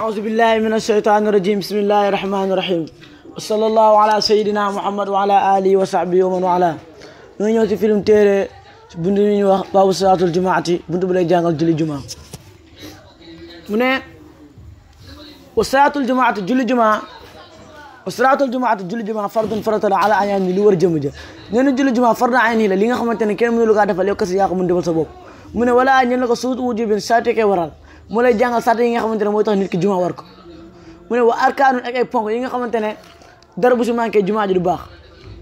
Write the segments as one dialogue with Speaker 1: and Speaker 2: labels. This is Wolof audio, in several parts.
Speaker 1: أعوذ بالله من الشيطان الرجيم بسم الله الرحمن الرحيم وصلى الله على سيدنا محمد وعلى آله وصحبه ومن والاه ñoo ñëw ci film téere buntu bi ñuy wax baabu salaatul jumaati buntu bu lay jàngal julli jumaa mu ne wa salaatul jumaati julli jumaa wa salaatul jumaati julli jumaa fardun farata la ala ayaan ni lu war jëm ja nee na julli jumaa fardu ayaan yi la li nga xamante ne kenn mënu lu kaa defal yow kese yaa ko mën defal sa bopp mu ne wala ñen la ko suut wujubin saa tekee waral mu lay jàngal sart yi nga xamante ne mooy tax nit ki juma war ko mu ne wa arkaanun ak ay ponk yi nga xamante ne dara bu si manqué jumaa ji du baax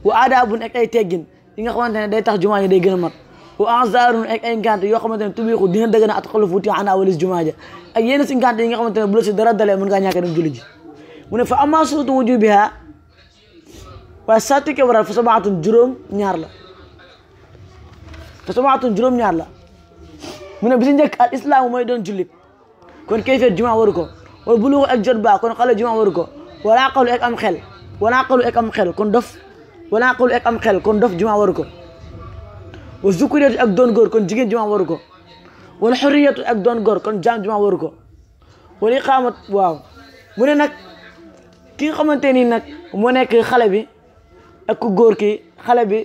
Speaker 1: wa aadaabun ak ay teggin yi nga xamante ne day tax jumaa ji day gën a mat wa anzaarun ak ay ngant yoo xamante ne tubiixu dina dëgg na at xalafuuti ana walis jumaa ja ak yenn si yi nga xamante ne bu la si dara dalee mën ngaa ñàkk dem julli ji mu ne fa amma surutu wujubiha waaye sarti ke waral fa sabaatun juróom ñaar la fa sabaatun juróom ñaar la mu ne bi si njëkk al islaam mooy doon jullit kon kayfiyat juma waru ko wal bulugu ak jot baa kon xale juma waru ko wala aqalu ek am xel wala aqalu ek am xel kon dof wala aqalu ek am xel kon dof juma waru ko wa zukuriyatu ak doon góor kon jigéen juma waru ko wala xuriyatu ak doon góor kon jaam juma waru ko wala iqaamat waaw mu ne nag ki nga xamante ni nag moo nekk xale bi ak ku góor ki xale bi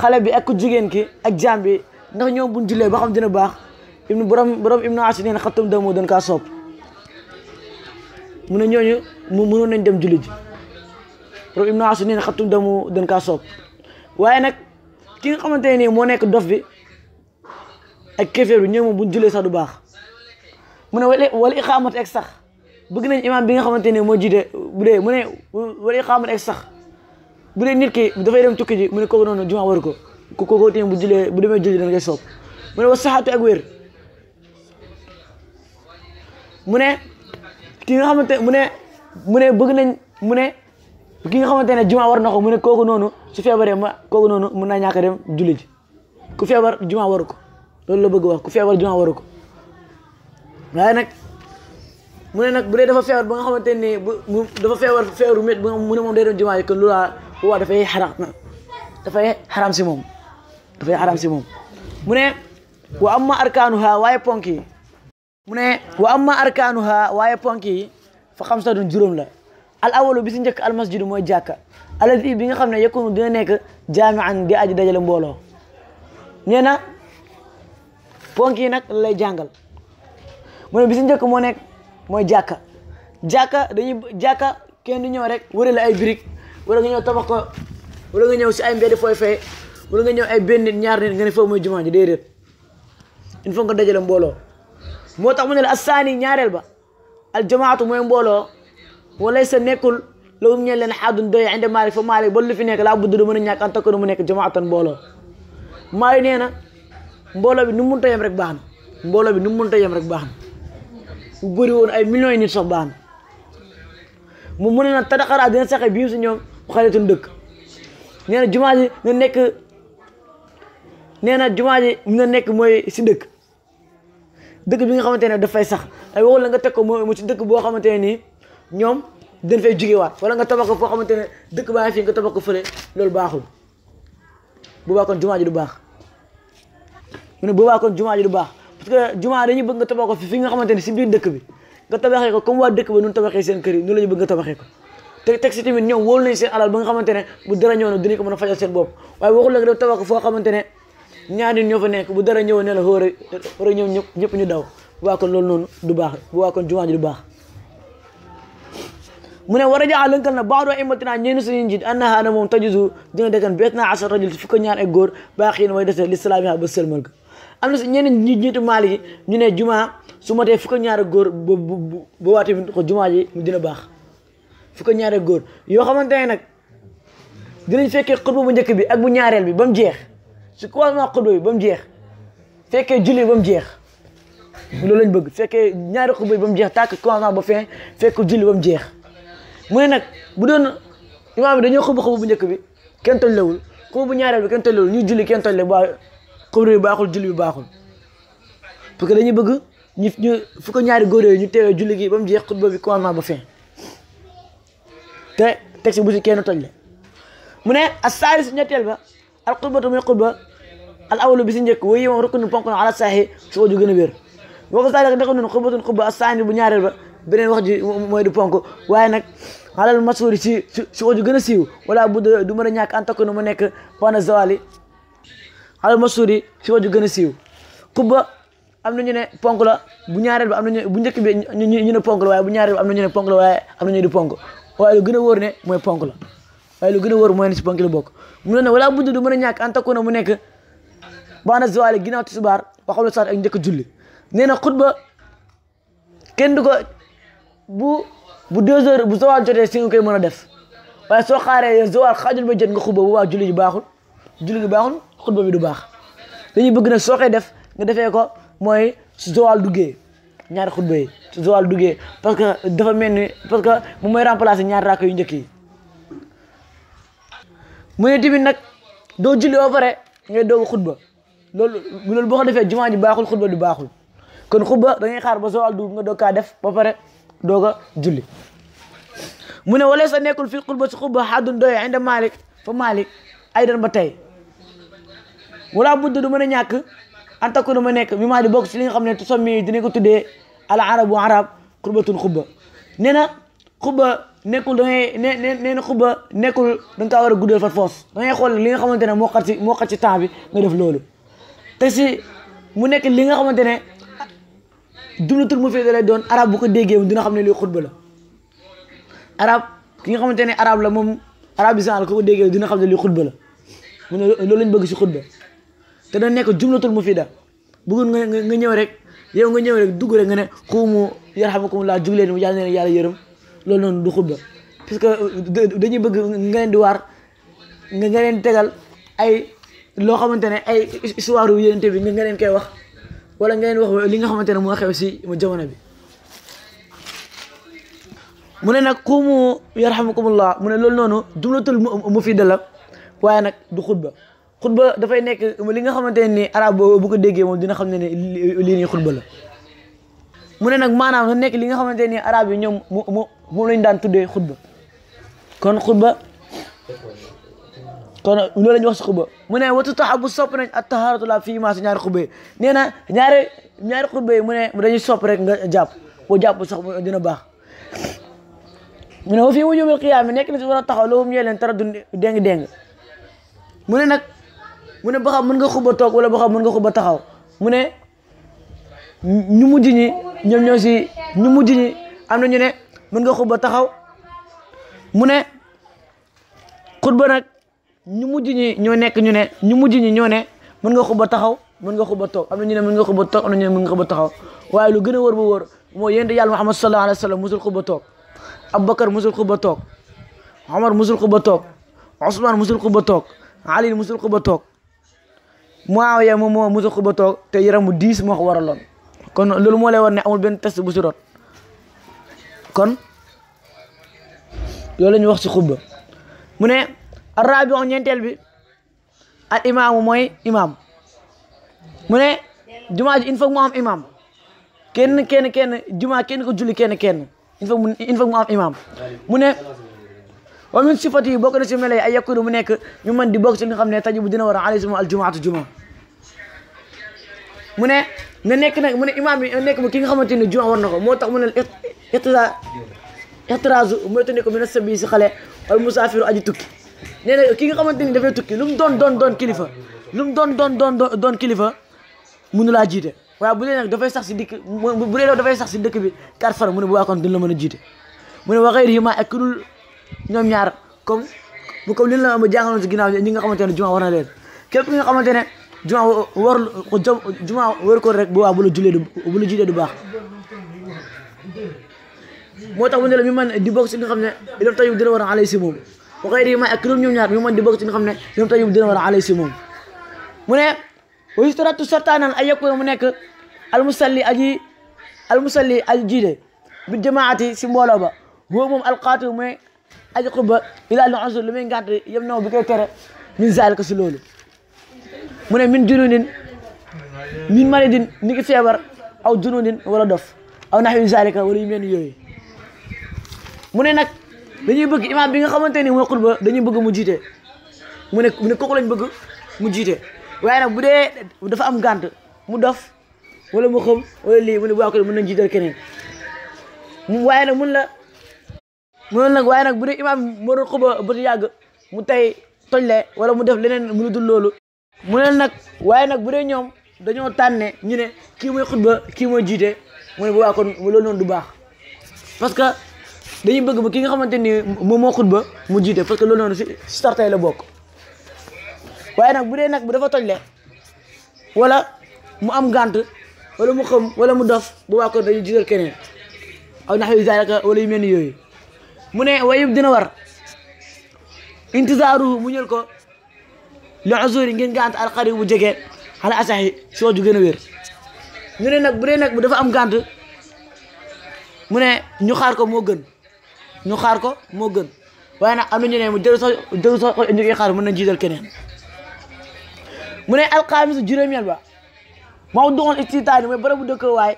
Speaker 1: xale bi ak ku jigéen ki ak jaam bi ndax ñoom buñ jullee ba xam baax ibnu borom borom ibnu asi nee na xattum damoo doon kaa soob mu ne ñooñu mu mënoon nañ dem julli ji borom ibnu asi damu doon kaa soob waaye nag ki nga xamante ne nii moo nekk dof bi ak kéeféer bi ñoom moom buñ jullee sax du baax mu ne wala wala iqaamat ak sax bëgg nañ imaam bi nga xamante ne moo jiite bu dee mu ne wala iqaamat ak sax bu dee nit ki dafay dem tukki ji mu ne kooku noonu jumaa war ko ko kooku tamit bu bu demee julli dañ koy soob mu ne wa ak wér mu ne ki nga mu ne mu ne bëgg nañ mu ne ki nga xamante ne juma war na ko mu ne kooku noonu su feebaree ma kooku noonu mun naa ñàkk dem julli ji ku feebar juma waru ko loolu la bëgg wax ku feebar juma waru ko waaye nag mu ne nag bu dee dafa feebar ba nga xamante ne bu dafa feebar feebaru mét ba mu ne moom day dem juma yi kon loolu waaw dafay xaraam dafay xaraam si moom dafay xaraam si moom mu ne wa amma arkaanu waaye ponk yi mu ne wa arkaanu arkaanuha waaye ponk yi fa xamsatun juróom la al awalu bi si njëkk al masjidu mooy jàkka alladi bi nga xam ne yekkoonu dina nekk jaamian di aji dajale mbooloo nee na ponk nag lay jàngal mu ne bi si njëkk moo nekk mooy jàkka jàkka dañuy jàkka kenn du ñëw rek wëre la ay birig wala nga ñëw tabax ko nga ñëw si ay mbedd fooy fay wala nga ñëw ay benn nit ñaar nit nga ne foofu mooy jumaa ji déedéet il faut nga dajale mbooloo moo tax mu ne la assaani ñaareel ba jamaatu mooy mbooloo walay sa nekkul la um ñeen leen xaadun doy inde maalik fa maalik ba lu fi nekk laa budd du mën a ñàkk an takkodu mu nekk jamaatan mbooloo maay nee na mbooloo bi nu mun ta yem rek baax na mbooloo bi nu mun ta yem rek baax na bu bëri woon ay millions yi nit sax baax na mu saxe biim si ñoom xaritun dëkk nee na jumaa ji na nekk nee na jumaa ji na nekk mooy si dëkk dëkk bi nga xamante ne dafay sax ay waxul la nga teg ko mu ci dëkk boo xamante ne nii ñoom dañ fay jugewaat wala nga tabax ko foo xamante ne dëkk baa fii nga tabax ko fële loolu baaxul bu baax kon jumaa ji du baax mu ne bu baax kon jumaa ji du baax parce que jumaa dañuy nga tabax ko fi fi nga xamante ne si biir dëkk bi nga tabaxee ko comme waa dëkk ba nun tabaxee seen yi noonu la ñu bëgg ko te teg si tamit ñoom wóolu nañ nga xamante ne bu dara ñëw na dinañ ko mën a fajal seen bopp waaye waxul la nga def tabax ko foo xamante ne ñaari ñoo fa nekk bu dara ñëw ne la xóor xóor ñëw ñëpp ñu daw bu waa ko loolu noonu du baax bu waa ko jumaa ji du baax mu ne war a jaaxal na baax doo imatina ñeen moom tajuzu dina naa asar rajul fukk ñaar ak góor baax yéen way dese li salaam ba sëlmal ga am na ñi ñiitu maali yi ñu ne jumaa su matee fukk ñaar góor ba jumaa ji dina baax fukk ñaar góor yoo xamante ne nag dinañ fekkee xutba bu njëkk bi ak bu ñaareel bi ba jeex su croisement xutba bi ba mu jeex fekkee julli ba mu jeex loolu lañ bëgg fekkee ñaari xutba bi ba mu jeex tàkk croisement ba fin fekk julli ba mu jeex mu ne nag bu doon imaam bi dañoo xutba xutba bu njëkk bi kenn tollewul xutba bu ñaareel bi kenn tollewul ñu julli kenn tolle ba xutba bi baaxul julli bi baaxul parce que dañuy bëgg ñu ñu ñaari góor yooyu ñu teewee julli gi ba mu jeex xutba bi croisement ba fin te texte bu ci kenn tolle mu ne a saali su ñetteel ba al xutbatu muy xutba al awalu bi si njëkk wayu moom rukk nu ponk na ala saaxi su waju gën a wér boo ko saali naka noonu xutbatun bu ñaareel ba beneen wax ji mooy di ponk waaye nag alal masuuri si si waju gën a siiw wala bu du mën a ñàkk an takku nu mu nekk wana zawali alal masuuri si waju gën a siiw xutba am na ñu ne ponk la bu ñaareel ba am nañu bu njëkk bi ñu ne ponk la waaye bu ñaareel am na ne ponk la waaye am na ñu du ponk waaye lu gën a wóor ne mooy ponk la waaye lu a wóor mooy ne si ponk la bokk mu ne wala buddu du na mu nekk baana zawali ginnaaw tisbaar ba xam ne sax ak njëkk julli nee na xutba kenn du ko bu bu deux bu zawal jotee si nga koy mën a def waaye soo xaaree zawal xaajul ba jot nga xutba bu baax julli ji baaxul julli gi baaxul xutba bi du baax dañuy bëgg na soo koy def nga defee ko mooy su zawal duggee ñaari xutba yi su zawal duggee parce que dafa mel ni parce que mu mooy remplacer ñaari raaka yu njëkk yi mu ne tamit nag doo julli ba pare ngay doog a xutba loolu loolu boo ko defee jumaa ji baaxul xutba du baaxul kon xutba da xaar ba sowal du nga doog kaa def ba pare doog a julli mu ne wala sa nekkul fii xutba si xutba xaddun doye inde malik fa malik ay dan ba tey wala budd du mën a ñàkk en takku ma nekk mi maa di bokk si li nga xam ne sommi dinañ ko tuddee al arabu arab xutbatun xutba nee na xubba nekkul da ne ne na xubba nekkul da kaa war a guddal fa foos da ngay xool li nga xamante ne moo xat ci moo xat ci temps bi nga def loolu te si mu nekk li nga xamante ne jumlatul mu fi doon arab bu ko déggee dina xam ne lii xutba la arab ki nga xamante ne arab la moom arab bi sànqal déggee dina xam ne lii la mu ne loolu lañ bëgg si xutba te da nekk jumlatul mufida bëggoon nga nga ñëw rek yow nga ñëw rek dugg rek nga ne xuumu yarhamukum laa mu leen yàlla na leen yàlla yërëm loolu noonu du xutba parce que euh, dañuy bëgg nga leen di waar nga nga leen tegal ay loo xamante ne ay histoire yu yénente bi nga leen koy wax wala nga leen wax li nga xamante ne moo xew si jamono bi mu ne nag xuumu yarhamukumullah mu ne lool noonu jumlatul mufiida la waaye nag du xutba xutba dafay nekk li nga xamante ne ni arab bu ko déggee moom dina ne ne lii nii la mu ne nag maanaam na nekk li nga xamante ne yi ñoom moom lañ daan tuddee xutba kon xutba kon loolu la ñu wax si xutba mu ne watu taxabu sopp nañ ak taxaaratu la fii maa si ñaari xutba yi nee na ñaari ñaari xutba mu ne dañuy sopp rek nga jàpp boo jàpp sax dina baax mu ne wa fii wujubul qiyaam nekk na si war a taxaw loolu ñëwee leen tara dund déng-déng mu ne nag mune ne ba xam mën nga xutba toog wala ba xam mën nga xutba taxaw mu ne ñu mujj ñi ñoom si ñu mujj ñi am na ñu ne mën nga xub ba taxaw mu ne ba nag ñu mujj ñi ñoo nekk ñu ne ñu mujj ñi ñoo ne mën nga ba taxaw mën nga ba toog am na ñu ne mën nga xutba toog am na ñu ne mën nga xutba taxaw waaye lu gën a wóor ba wóor mooy yéen di yàlla Muhammad sallallahu alayhi wa sallam musul ba toog Abubakar musul xutba toog Omar musul xutba toog Ousmane musul ba toog Ali musul ba toog Muawiya moom moo mu musul xutba toog te yaram mu diis moo waraloon kon loolu moo lay war ne amul benn test bu si kon loolu la ñu wax ci xutba mu ne arrabi on ñeenteel bi al imaamu mooy imaam mu ne jumaa ji mu am imaam kenn kenn kenn jumaa kenn ko julli kenn kenn il faut mu il mu am imaam mu ne wa sifati yi bokk na ci melo yi ay yakunu mu nekk ñu mën di bokk ci li nga xam ne tajibu dina war a alayhi al jumaatu juma mu ne na nekk nag mu ne imaam bi nekk ba ki nga xamante ne jumaa war na ko moo tax mu ne ixtira ixtiraasu mooy tane ko mi na sabi si xale al musaafiru aji tukki nee ne ki nga xamante ni dafay tukki lu mu doon doon doon kilifa lu mu doon doon doon doon kilifa mënu laa jiite waaye bu dee dafay sax si dikk bu dee dafay sax si dëkk bi kar far mu ne bu waa kon la mën a jiite mu ne waxee yi ma ak dul ñoom ñaar comme comme li la nga xamante ne jumaa war na leen képp ki nga xamante ne juma war ko war ko rek bu waa bu la julee du bu du baax moo tax mu ne la mi man di bokk si nga xam ne ilam tajub dina war a alay si moom wa xëy ma ak ñaar mi man di bokk si nga xam ne ilam tajub dina war a alay si moom mu ne wa yustaratu sartaanan ay yakuna mu nekk almusalli aji almusalli aji jiide bi jamaati si mbooloo ba boobu moom alqaatu mooy aji xubba ilaa lu ansur lu muy ngànt yem naw bi koy tere min zaal ko si loolu mu ne min junudin min maridin ni ki feebar aw junudin wala dof aw naxwi zalika wala yu yooyu mu ne nag dañuy bëgg imaam bi nga xamante ni mooy xutba dañuy bëgg mu jiite mu ne mu ne kooku lañ bëgg jiite waaye nag bu dee dafa am gànt mu dof wala mu xam wala lii mu bu ko keneen mu waaye nag mun la mun nag bu dee imaam moo doon xutba ba yàgg mu tey tojle wala mu def leneen mu du loolu mu ne nag waaye nag bu dee ñoom dañoo tànne ñu ne kii mooy xutba kii mooy jiite mu ne bu baax kon loolu noonu du baax parce que dañuy bëgg ba ki nga xamante ni moom moo xutba mu jiite parce que loolu noonu si startay la bokk waaye nag bu dee nag bu dafa tojle wala mu am gànt wala mu xam wala mu dof bu baax kon dañuy jiital keneen aw nax yu zaalika wala yu mel ni yooyu mu ne yëpp dina war intisaaru mu ñël ko li uzuri ngeen gànt al qarib bu jege xala asaxi si wax ju gën a ñu ne nag bu dee nag bu dafa am gànt mu ne ñu xaar ko moo gën ñu xaar ko moo gën waaye nag am na ñu ne mu jël soo jël sax ñu koy xaar mën nañ jiital keneen mu ne alxamis juróomeel ba maw doxoon istitaani mooy barabu dëkkoo waay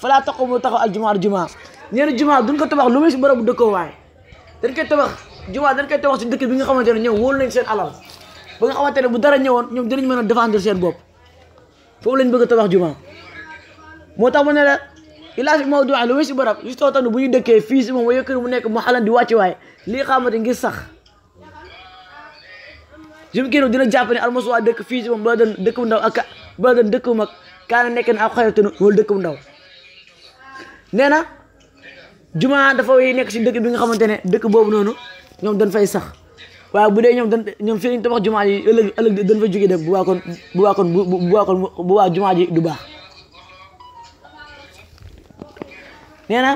Speaker 1: falaa taxaw moo taxaw aljumaa aljumaa ñeen jumaa duñ ko tabax lu muy si barabu dëkkoo waay dañ koy tabax jumaa dañ koy tabax si dëkk bi nga xamante ne ñëw wóolu nañ seen alal ba nga bu dara ñëwoon ñoom dinañ mën a défendre seen bopp foofu lañ bëgg tabax juma moo tax mu ne la ilaa fi mawdu lu muy si barab juste oo tax ne bu ñuy dëkkee fii si moom wa yëkkër mu nekk mu xalan di wàcci waay lii xamante ngir sax jum dina jàpp ne almos waa dëkk fii si moom bala doon dëkk bu ndaw ak ba doon dëkk bu mag kaana nekk na ak xayatun wala dëkk bu ndaw nee na jumaa dafa way nekk si dëkk bi nga xamante ne dëkk boobu noonu ñoom dañ fay sax waaw bu dee ñoom dañ ñoom fii lañ tabax jumaa ji ëllëg ëllëg dañ fa jógee dem bu waa waa kon bu waa kon bu jumaa ji du baax nee na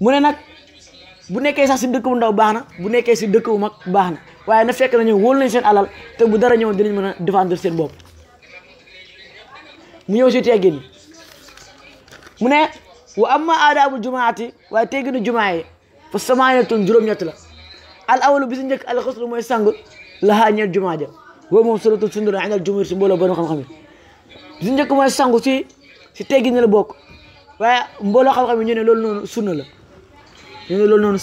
Speaker 1: mu ne nag bu nekkee sax si dëkk bu ndaw baax na bu nekkee si dëkk bu mag baax na waaye na fekk na ñoom wóolu nañ seen alal te bu dara ñëw dinañ mën a défendre seen bopp mu ñëw si teggin mu ne wa amma aadaabul jumaati waaye tegginu jumaa yi fa samaanatun juróom-ñett la al awalu bi si njëkk al xuslu mooy sang laxaa ñeel jumaa ja woo moom solotul sundula andal jumhur si mbooloo borom njëkk mooy sangu si si teggi ne la bokk waaye mbooloo xam-xam yi ñu ne loolu noonu sunna la ñu ne loolu noonu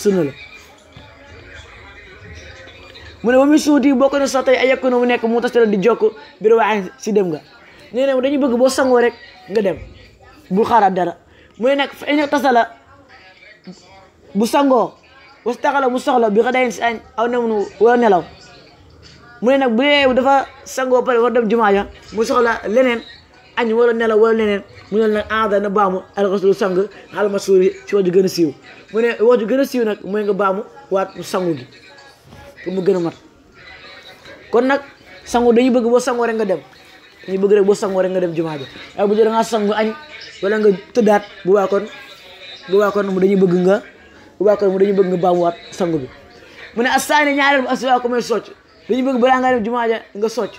Speaker 1: mu ne ba muy suuti bokk na sax tey ay yekk na mu nekk mu tas la di jokk biir waaye si dem nga nee na dañu bëgg boo sangoo rek nga dem bu xaaraat dara mu ne nag fa nekk tasa bu sangoo wastaxala mu soxla bi xadayin si añ aw nemnu wala nelaw mu ne nag bu dee dafa sangoo pare war dem jumaa ja mu soxla leneen añ wala nelaw wala leneen mu ne nag aada na baamu alxaslu sang xal ma suuri ci wax ju gën a siiw mu ne wax ju gën a siiw nag mooy nga baamu waat mu sangu gi pour mu gën a mat kon nag sangu dañuy bëgg boo sangoo rek nga dem dañuy bëgg rek boo sangoo rek nga dem jumaa ja waaye bu dee ngaa sangu añ wala nga tëddaat bu waa kon bu waa kon dañuy bëgg nga waa kër mu dañu bëgg nga baamuwaat sangu bi mu ne astaani ñaareel ba aswaa ko mooy socc dañu bëgg balaa nga dem jumaa ja nga socc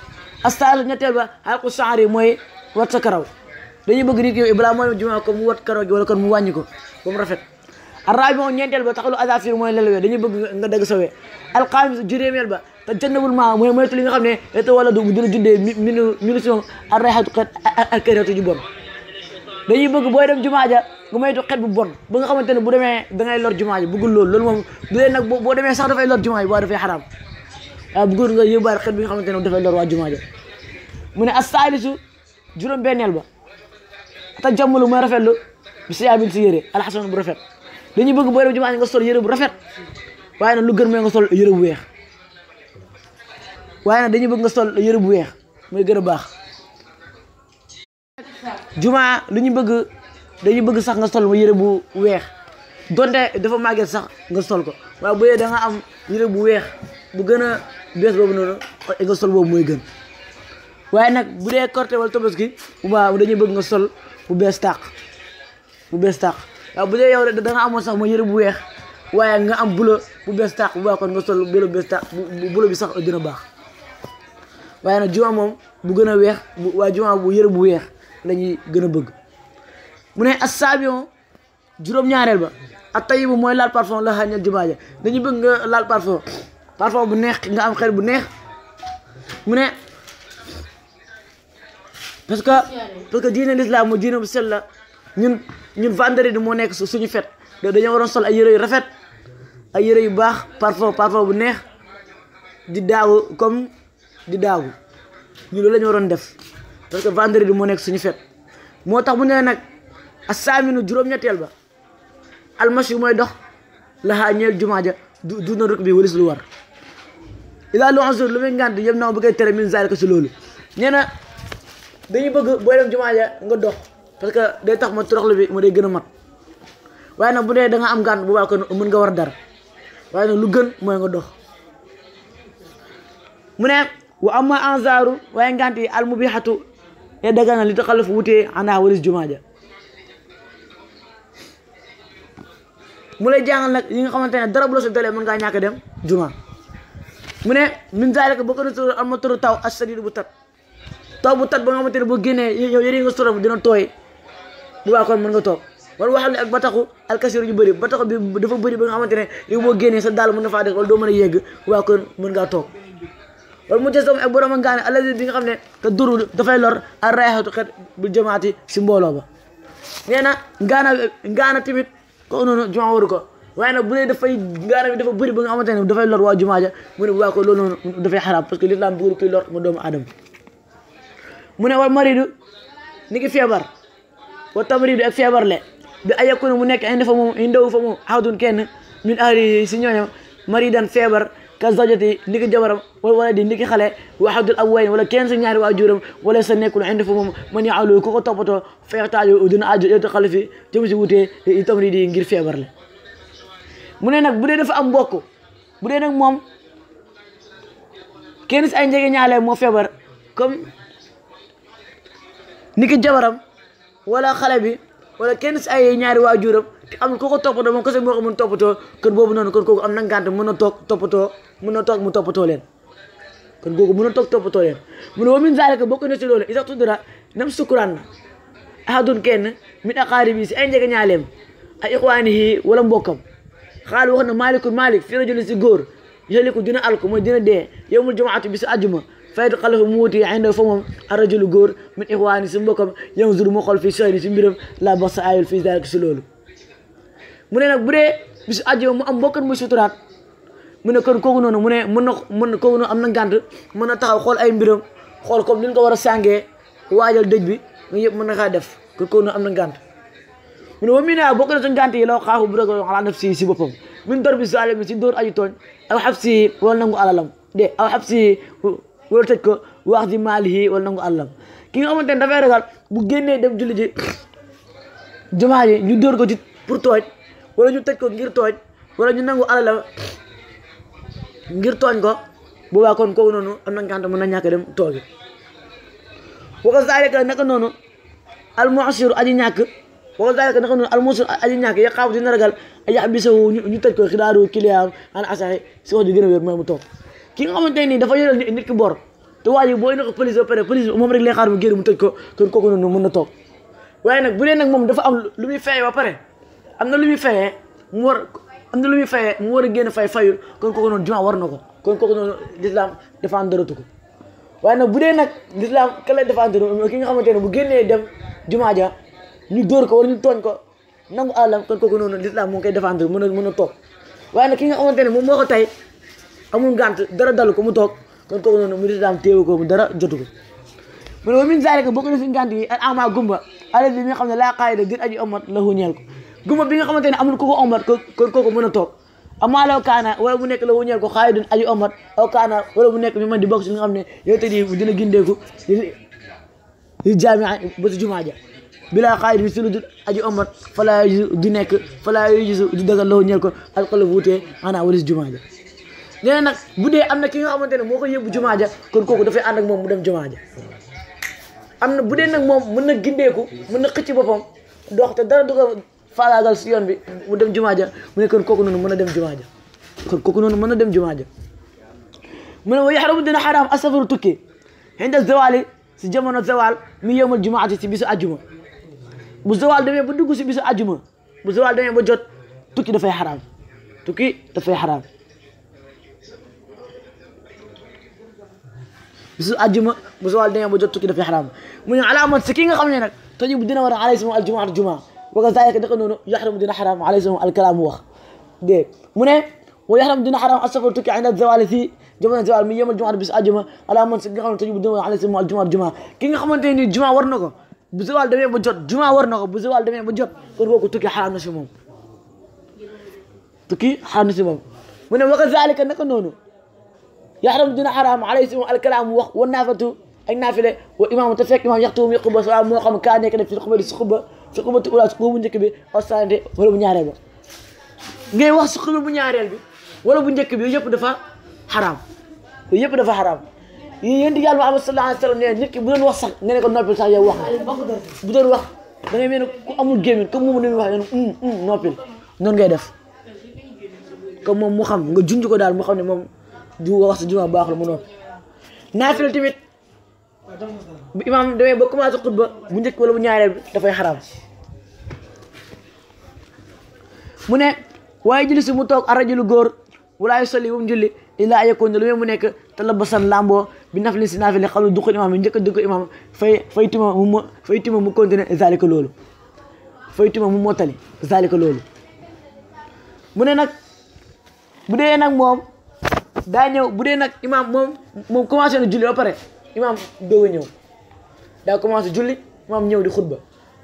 Speaker 1: astaal ñetteel ba xalqu saari mooy wat sa karaw dañuy bëgg nit ki balaa moo dem jumaa ko mu wat karaw gi wala kon mu wàññi ko ba mu rafet araabi moom ñeenteel ba taxalu azafir mooy lelwee dañuy bëgg nga dagg sawee alxamis juróomeel ba te jëndabul maa mooy moytu li nga xam ne te wala du dina juddee minu minu sion a rayxatu xet ak këratu ju bon dañuy bëgg booy dem jumaa ja nga moytu xet bu bon bu nga xamante ne bu demee da ngay lor jumaa ja bëggul loolu loolu moom bu dee nag boo demee sax dafay lor jumaa ja waaye dafay xaraam waaw ah, bëggul nga yóbbaale xet bi nga xamante ne dafay lor waa jumaa ja mu ne asaalisu juróom benneel ba ta jàmmulu mooy rafetlu bi si yaabil si yére alxasan bu rafet dañuy bëgg booy dem jumaa ja nga sol yére bu rafet waaye nag lu gën mooy nga sol yére bu weex waaye nag dañuy bëgg nga sol yére bu weex mooy gën a baax jumaa lu ñu bëgg dañu bëgg sax nga sol mu yëre bu weex donte dafa màgget sax nga sol ko waaye bu dee da am yëre bu weex bu gën a bees boobu noonu nga boobu mooy gën waaye nag bu dee korte wala tobaski bu baax dañuy bëgg nga sol bu bees tàq bu bees tàq waaw bu dee yow da nga amoon sax mooy yëre bu weex waaye nga am bulo bu bees tàq bu baax kon nga sol bulo bees tàq bulo bi sax dina baax waaye nag juma moom bu gën a weex waa juma bu yëre bu weex la ñuy gën a bëgg mu ne assaabion juróom-ñaareel ba ak tayibu mooy laal parfum la xañal jumaaja dañuy bëgg nga laal parfum parfum bu neex nga am xel bu neex mu ne parce que parce que diine l'islam mu diine bu sell la ñun ñun vendredi moo nekk su suñu fet dañoo waroon sol ay yére yu rafet ay yére yu baax parfum parfum bu neex di daaw comme di daaw ñu loolu la ñu waroon def parce que vendredi moo nekk suñu fet moo tax mu ne nag asaaminu juróom-ñetteel ba almashi mooy dox laxaa ñeel jumaa ja du du na rukk bi walis lu war ilaa lu ansur lu muy na bu koy tere min zalika si loolu nee na dañuy bëgg booy dem nga dox parce que day tax ma toroxlu bi mu day gën a mat waaye nag bu dee da am ngànt bu baax ko war dara waaye nag lu gën mooy nga dox mu ne wa amma anzaru waaye ngànt yi al mubihatu e dagana li taxaluf wutee ana walis jumaa ja mu lay jàngal nag yi nga xamante ne dara bu la so dalee mën ngaa ñàkk dem juma mu ne min zalika boo ko doon am turu taw as-sadid bu tat taw bu tat ba nga xamante ne boo génnee yow yëri nga soro dina tooy bu baax kon mën nga toog wala waxam ne ak bataxu alkasiru ñu bëri bataxu bi dafa bëri ba nga xamante ne yow boo génnee sa daal mën na faa def wala doo mën a yegg bu baax kon mën ngaa toog wala mu jësam ak borom a ngaane nga xam ne te durul dafay lor a rayxatu xet jamaati si mbooloo ba nee na ngaana ngaana tamit ko noonu jumaa waru ko waaye nag bu dee dafay ngaana dafa bëri ba nga xamante ne dafay lor waa jumaa ja mu ne bu baa ko loolu noonu dafay xaraam parce que l'islam bëggul kuy lor mu doomu aadama mu ne wal maridu ni ngi feebar wa tamridu ak feebar le bi ayakuna mu nekk indi fa moom indawu fa moom ahadun kenn min ahli si ñooñam maridan feebar ka zawjati ni ki jabaram wala di ni ki xale waxadul ab wayn wala kenn sa ñaari waajuram wala sa nekkul indi fu moom man yaalu ku ko toppatoo feextaaju dina aju yotu xale fi jëm si wutee itam ri di ngir feebar la mu ne nag bu dee dafa am mbokk bu dee nag moom kenn ay njege moo feebar comme ni ki jabaram wala xale bi wala kenn si ay ñaari waajuram te amul ko ko toppatoo moom kese moo ko mën toppatoo kër boobu noonu kon kooku am na ngànt mën a toog toppatoo mën a toog mu toppatoo leen kon kooku mën a toog toppatoo leen mu ne wa bokk na si loolu isa tudra nam sukuraan na ahadun kenn min aqaaribi si ay njege ñaaleem ay iqwaanihi wala mbokkam xaal wax na maalikul maalik fi rajulin si góor yëliku dina alko mooy dina dee yowmul jumaatu bi si ajuma faydu xalafu mu wuti inde fa moom arajulu góor min ixwaani si mbokkam yam zur mu xool fii soyni si mbiram la ba sa ayul fii daal si loolu mu ne nag bu dee bisu àjjuma mu am mbokkan muy suturaat mu kooku noonu mu ne na mën na kooku noonu am na gant mën na taxaw xool ay mbiram xool comme ni ko war a sàngee waajal bi nga yëpp mën na kaa def kon kooku am na ngànt mi naa bokk na sa ngànt yi law xaafu bu doon si si boppam min dor bi zalimi si dóor aju tooñ aw xab alalam de aw xab wala tëj ko wax ji maalihi wala nangu àllam ki nga xamante ne dafay ragal bu génnee dem julli ji jumaa ji ñu dóor ko ci pour tooñ wala ñu tëj ko ngir tooñ wala ñu nangu àllam ngir tooñ ko boobaa kon kooku noonu am na nga xam ne mën na ñàkk dem toogi waka zalika naka noonu almu'sir aji ñàkk waka zalika naka noonu almu'sir aji ñàkk ya xaaw dina ragal ay bisawu ñu tëj ko xidaaru kiliyaam an asaxi si wax ji gën a mu toog kii nga xamante ni dafa yore nit ki bor te waa ji booy na ko police ba pare police moom rek lay xaar mu génn mu tëj ko kon kooku noonu mën na toog waaye nag bu dee nag moom dafa am lu muy fayee ba pare am na lu muy fayee mu war am lu muy mu war a fay fayul kon kooku noonu jumaa war na ko kon kooku noonu l'islam dafa am dara ko waaye nag bu dee nag l'islam ka lay dafa am ki nga xamante ne bu génnee dem jumaa ja ñu ko wala ñu tooñ ko nangu àllam kon kooku noonu l'islam moo koy défendre mën a mën a toog waaye nag ki moo ko tey amul gànt dara dalu ko mu toog kon kooku noonu mu ditaam téewu ko mu dara jotu ko mu ne wa min zalika bokk na si ngànt yi al ama gumba alal bi nga xam ne laa qaayida dir aji omat la huñeel ko gumba bi nga xamante ne amul ku ko omat kon kooku mën a toog amaa law kaana wala mu nekk la huñeel ko xaayidun aji omat aw kaana wala mu nekk mi man di bokk si nga xam ne yow te di dina gindeeku li jaamia ba si jumaa ja bilaa xaayit bi si lu dul aji omat falaa yujisu du nekk falaa yujisu du dagal la huñeel ko alxala wuutee xanaa wala si jumaa ja nee nag bu dee am na ki nga xamante ne moo ko yóbbu jumaa ja kon kooku dafay ànd ak moom mu dem jumaa am na bu dee nag moom mën na gindeeku mën na ci boppam dox te dara du ko faagaagal si yoon bi mu dem jumaa ja mu ne kon kooku noonu mën a dem jumaa ja kon kooku noonu mën a dem jumaa ja mu ne wa yaxramu dina xaraam asafaru tukki inda zawali si jamono zawal mi yowmal jumaati si bisu ajuma bu zawal demee ba dugg si bisu ajuma bu zawal demee ba jot tukki dafay xaraam tukki dafay xaraam bisu àjjuma bu soo demee ba jot tukki dafay xaraam mu ne alaamat si kii nga xam ne nag tajib dina war a alay sama aljumaa jumaa wa kazaalika naka noonu yaxram dina xaraam alay sama alkalaam wax dee mu ne wa yaxram dina xaraam asafar tukki inda zawaali si jamono zawaal mi yemal jumaa bisu àjjuma alaamat si ki nga xam ne tajib dina war a alay sama aljumaa jumaa ki nga xamante ni jumaa war na ko bu zawaal demee ba jot jumaa war na ko bu zawaal demee ba jot kon kooku tukki xaraam na si moom tukki xaraam na si moom mu ne wa kazaalika naka noonu yaxram dina xaraam alay si moom alkalaamu wax wa naafatu ak naafile wa imaamu te fekk imaam yaxtuum yi xubba sa moo xam kaa nekk def fi xubba di si xubba si tu ulaas xubba bu njëkk bi aw saante wala bu ñaareel ngay wax si xubba bu ñaareel bi wala bu njëkk bi yooyu dafa xaraam yëpp dafa xaraam yi yéen di yàlla Muhammad sallallahu alayhi wa sallam nee nit ki bu wax sax nga ne ko noppil sax yow wax bu doon wax da ngay mel ne ku amul gémmiñ comme moom dañuy wax ne mm, mm, noppil noonu ngay def comme mu xam nga junj ko daal mu xam ne moom di wax si juma baaxul mu noppi naafila tamit bu imaam demee ba commencé xutba bu njëkk wala bu ñaareel bi dafay xaraam mu ne waaye julli si mu toog arajulu góor wala ay soli bu mu julli illaa ay yakoon lu mu nekk te la basan lamboo bi nafli si naafile xalu duxul imaam bi njëkk a dugg imaam fay fay tima mu fay tima mu loolu mu ne nag bu dee nag moom daa ñëw bu dee nag imaam moom moom commencé na julli ba pare imaam doog a ñëw daa commencé julli imaam ñëw di xutba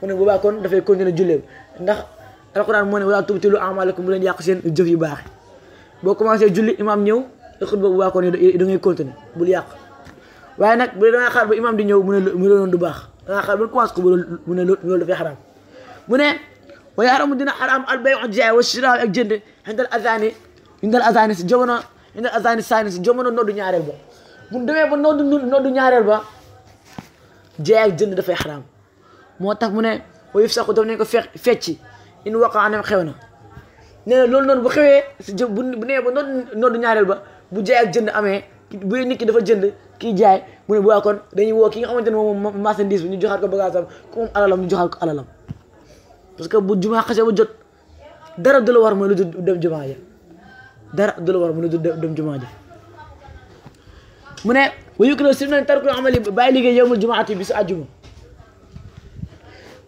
Speaker 1: mu ne boobaa kon dafay continuer julli ndax alquran moo ne walaa tubtilu amalakum bu leen yàq seen jëf yu baax boo commencé julli imaam ñëw di xutba boobaa kon da ngay continuer bul yàq waaye nag bu dee da ngaa xaar ba imaam di ñëw mu ne mu ne loolu du baax da ngaa xaar ba mu ne loolu dafay xaraam mu ne wa yaaramu dina xaraam al bay jaay wa shiraa ak jënd indal azaani si jamono ñu ne azani saani si jamono noddu ñaareel ba bu demee ba noddu noddu ñaareel ba jaay ak jënd dafay xaraam moo tax mu ne wa yuf saqu daf nañ ko fe fecci in waqa xew na nee na loolu noonu bu xewee si bu nee ba noddu noddu ñaareel ba bu jaay jënd amee bu nit ki dafa jënd kii jaay mu ne bu waa kon dañuy woo ki nga xamante ne moom marchandise bi ñu joxaat ko bagage am ku moom alalam ñu joxaat ko alalam parce que bu jumaa xasee ba jot dara du la war mooy lu dem jumaa ja dara du la war mu ne du dem jumaa ji mu ne wa yukrahu sib nañ tarkul amali bàyyi liggéey yowmul jumaati bisu àjjuma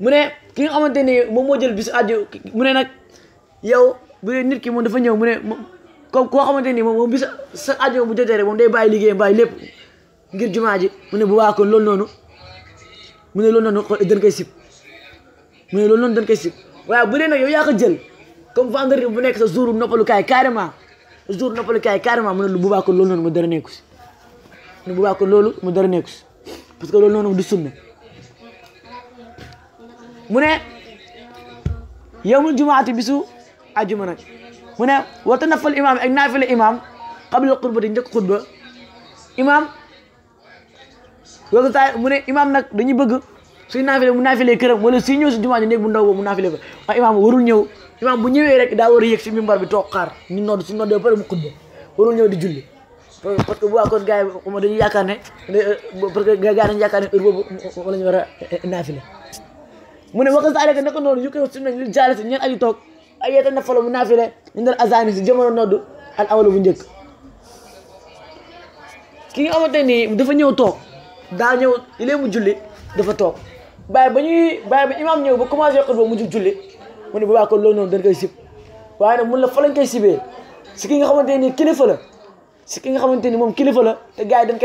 Speaker 1: mu ne ki nga xamante ni moom moo jël bisu àjjuma mu ne nag yow bu dee nit ki moom dafa ñëw mu ne comme koo xamante ni moom moom bisu sa àjjuma bu jotee rek moom day bàyyi liggéey bàyyi lépp ngir jumaa ji mu bu waa ko loolu noonu mu ne loolu noonu dañ koy sib mu ne loolu noonu dañ koy sib waaye bu dee nag yow yaa ko jël comme vendredi bu nekk sa jour noppalu kaay carrément jour noppalukaay carrément mu ne lu boobaa ko loolu noonu mu dara nekku si mu boobaa loolu mu dara nekku si parce que loolu noonu du mu ne yowmul jumaati bisu ajuma nag mu ne wa tanafal imaam ak naafila imaam qabla xutbati njëkk xutba imaam loolu saa mu ne imaam nag dañu bëgg suy naafile mu naafilee këram wala suy ñëw si jumaa ji néeg bu ndaw mu naafile fa waaye imaam warul ñëw imaam bu ñëwee rek daa war a yëg si mimbar bi toog xaar ñu nodd su noddee ba pare mu xutba warul ñëw di julli parce que bu waa kon gars yi dañuy yaakaar ne parce que gars mu ne waqas aleka naka noonu yu koy sunna li jaale toog ay yeeta nafalo mu naafile ñu dal jamono nodd al awala bu njëkk ki nga xamante nii dafa ñëw toog daa ñëw léegi mu julli dafa toog bàyyi ba ñuy bàyyi ba imaam ñëw ba commencé xutba mu jug julli mu ne bu baax kon loolu noonu dañ koy sib waaye nag lañ koy sibee si ki nga xamante ni kilifa la si ki nga xamante ni moom kilifa la te gars yi dañ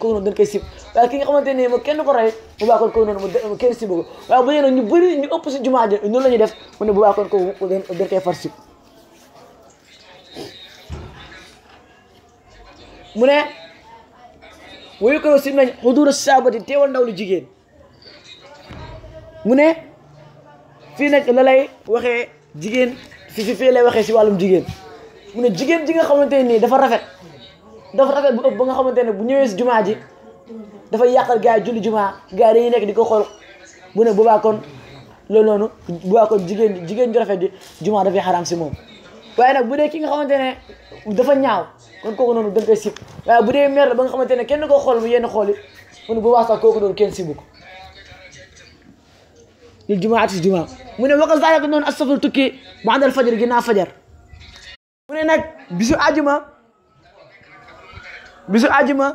Speaker 1: koy dañ koy sib waaye ki nga xamante ni moom kenn ko roy bu baax kon kooku noonu mu kenn sib ko waaye bu ñëwee nag ñu bëri ñu ëpp si jumaa ja noonu la ñuy def mu ne bu baax kon kooku dañ koy far sib mu ne wuyu ko sib nañ xuduura saabati teewal ndaw lu jigéen mu ne fii nag la lay waxee jigéen fi fi fii lay waxee si wàllum jigéen mu ne jigéen ji nga xamante nii dafa rafet dafa rafet bu ba nga xamante ne bu ñëwee si jumaa ji dafay yàqal gars yi julli jumaa gars yi dañuy nekk di ko xool mu ne boobaa kon loolu noonu boobaa kon jigéen jigéen ju rafet ji jumaa dafay xaraam si moom waaye na bu dee ki nga xamante ne dafa ñaaw kon kooku noonu dañ koy sib waaye bu dee mer la ba nga xamante ne kenn ko xool mu yenn xool yi mu ne boobaa sax kooku noonu ken sibu ko lil jumaati juma mu ne waqas daanaka noonu asaful tukki mu àndal fajar ginnaaw fajar mu ne nag bisu ajuma bisu ajuma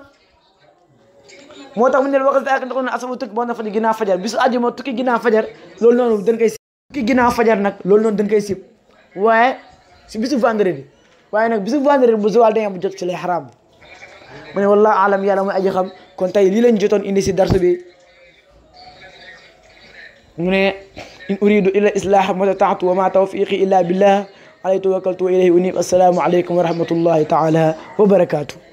Speaker 1: moo tax mu ne waqas daanaka noonu asaful tukki mu àndal fajar ginnaaw fajar bisu ajuma tukki ginnaaw fajar loolu noonu dañ koy sib tukki ginnaaw fajar nag loolu noonu dañ koy sib waaye si bisu vendredi waaye nag bisu vendredi bu zawal dañu bu jot ci lay xaraam mu ne wallahu alam yàlla mooy aji xam kon tey lii lañ jotoon indi si darsu bi mu ne in uridu illa islaaha mastata'tu wa ma tawfiqi illa billah alayhi tawakkaltu wa ilayhi unib assalaamu aleykum wa rahmatullahi taala wa barakatuh